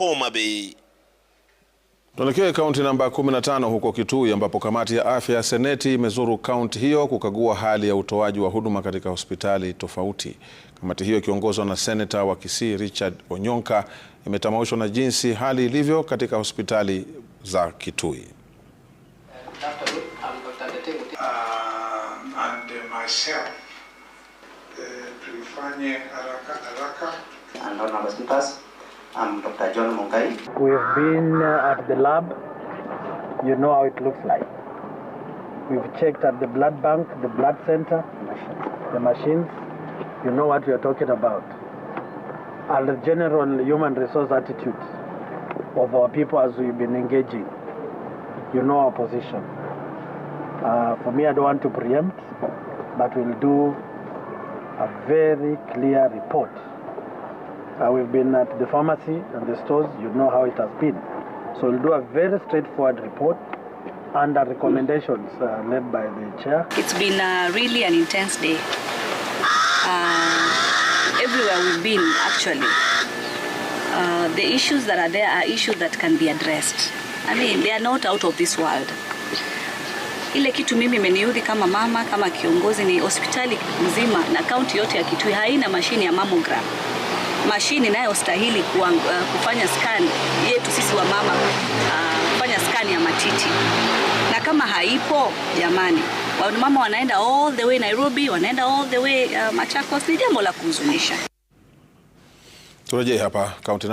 Homa Bay. Tuelekee kaunti namba 15 huko Kitui ambapo kamati ya afya ya seneti imezuru kaunti hiyo kukagua hali ya utoaji wa huduma katika hospitali tofauti. Kamati hiyo ikiongozwa na seneta wa Kisii Richard Onyonka imetamaushwa na jinsi hali ilivyo katika hospitali za Kitui. Uh, and myself, uh, I'm Dr. John Mungai. We've been uh, at the lab. You know how it looks like. We've checked at the blood bank, the blood center, the machines. You know what we are talking about. And the general human resource attitude of our people as we've been engaging. You know our position. Uh, for me, I don't want to preempt, but we'll do a very clear report Uh, we've been at the pharmacy and the stores. You know how it has been. So we'll do a very straightforward report under recommendations uh, led by the chair. It's been uh, really an intense day. Uh, everywhere we've been, actually. uh, the issues that are there are issues that can be addressed. I mean, they are not out of this world. Ile kitu mimi imeniudhi kama mama, kama kiongozi ni hospitali mzima na kaunti yote ya Kitui haina mashine ya mammogram mashine inayostahili uh, kufanya scan yetu sisi wa mama uh, kufanya scan ya matiti, na kama haipo jamani, wamama wanaenda all the way Nairobi, wanaenda all the way uh, Machakos. Ni jambo la kuhuzunisha. Turejee hapa kaunti